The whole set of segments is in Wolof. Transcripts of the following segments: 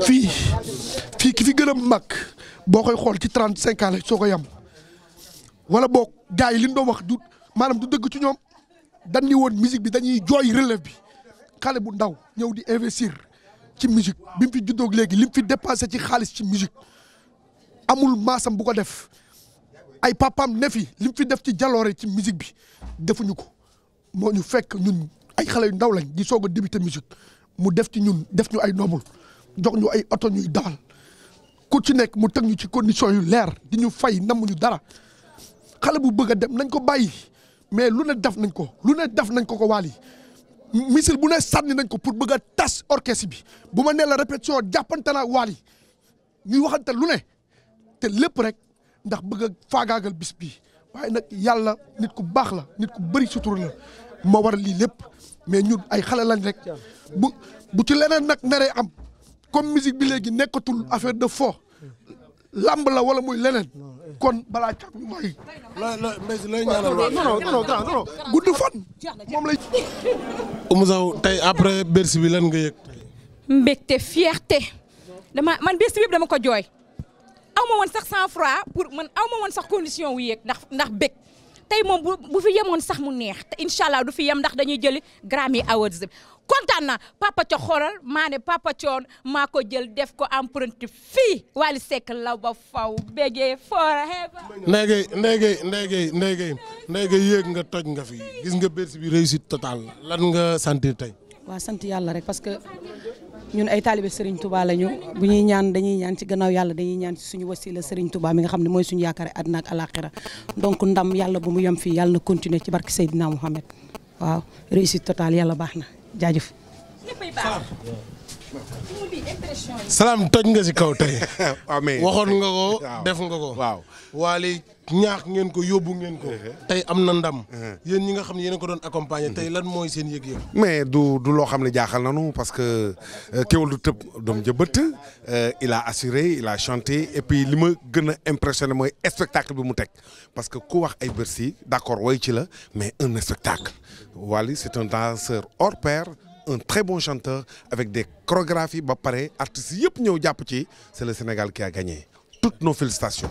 fii fii ki fi gën a mag boo koy xool ci trente cinq ans soo ko yam wala boog gars yi li ñu wax du maanaam du dëgg ci ñoom dan ni woon musique bi dañuy jooy relève bi xale bu ndaw ñëw di investir ci musique bi mu léegi li mu fi dépensé ci xaalis ci musique amul maasam bu ko def ay papaam ne li fi def ci jaloore ci musique bi defuñu ko moo ñu fekk ñun ay xale yu ndaw lañ di soog a débuté musique mu def ci ñun def ñu ay noobul jox ñu ay oto ñuy dawal ku ci nekk mu teg ñu ci condition yu leer di ñu fay ñu dara xale bu bëgg a dem nañ ko bàyyi mais lu ne daf nañ ko lu ne def nañ ko ko waal yi missile bu ne sànni nañ ko pour bëgg a tas orchestre bi bu ma nee la répétition jàppante na waal yi ñuy waxante lu ne te lépp rek ndax bëgg a faagaagal bis bii waaye nag yàlla nit ku baax la nit ku bëri sutur la moo war lii lépp mais ñun ay xale lañ rek bu bu ci leneen nag naree am. comme musique bi léegi nekkatul affaire de fo lamb la wala muy leneen kon balaa càmm ñu may. la la Mbese lay ñaanal waaw non non gudd fan moom lay. Oumou Sow tey après Bercy bi lan nga yëg. mbégte fierté dama man Bercy bi dama ko jooy aw ma sax cent franc pour man aw ma sax condition wu yëg ndax ndax bég tey moom bu bu fi yamoon sax mu neex te incha allah du fi yem ndax dañuy jëli Grammy Awards kontaan naa papa ca xoolal maa ne papa coon maa ko jël def ko emprunté fii Wally Seck law ba faw bégee foora xeeba ndéygay ndéygay ndéygay ndéygay ndéygay yéeg nga toj nga fi gis nga Bercy bi réussite total lan nga sentir tey waa sant yàlla rek parce que ñun ay taalibe Serigne Touba lañu bu ñuy ñaan dañuy ñaan ci gannaaw yàlla dañuy ñaan ci suñu wasila Serigne Touba mi nga xam ne mooy suñu yaakaar àddina ak alaxira donc ndam yàlla bu mu yem fii yàlla na continuer ci barke Seydina Mouhamed waaw réussite totale yàlla baax na jaajëf. salaam toj nga ci kaw tey. Ah, waxoon nga ko def nga ko waaw. ngeen ko ngeen ko. ndam. ñi nga doon mais du du parce que euh, kewul du euh, il a assuré il a chanté et puis li ma gën a impressionné spectacle bi mu parce que ku wax ay Bercy d'accord ci la mais un spectacle Wally c'est un danseur hors pair. un très bon chanteur avec des chorographies ba artistes c'est le Sénégal qui a gagné toutes nos félicitations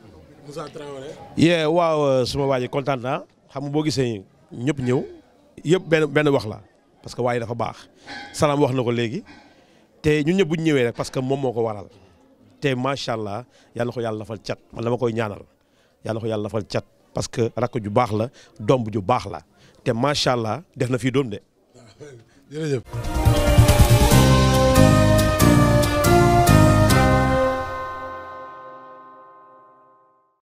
Moussa yee waaw euh, suma waa ji kontaan naa xam boo gisee ñëpp ñëw yëpp benn benn wax la parce que waaye dafa baax salaam wax na ko léegi te ñun ñëpp bu ñëwee rek parce que moom moo ko waral te macha allah yàlla ko yàlla lafal cat man dama koy ñaanal yàlla ko yàlla lafal cat parce que rakk ju baax la doom ju baax la te macha allah def na fii doom de.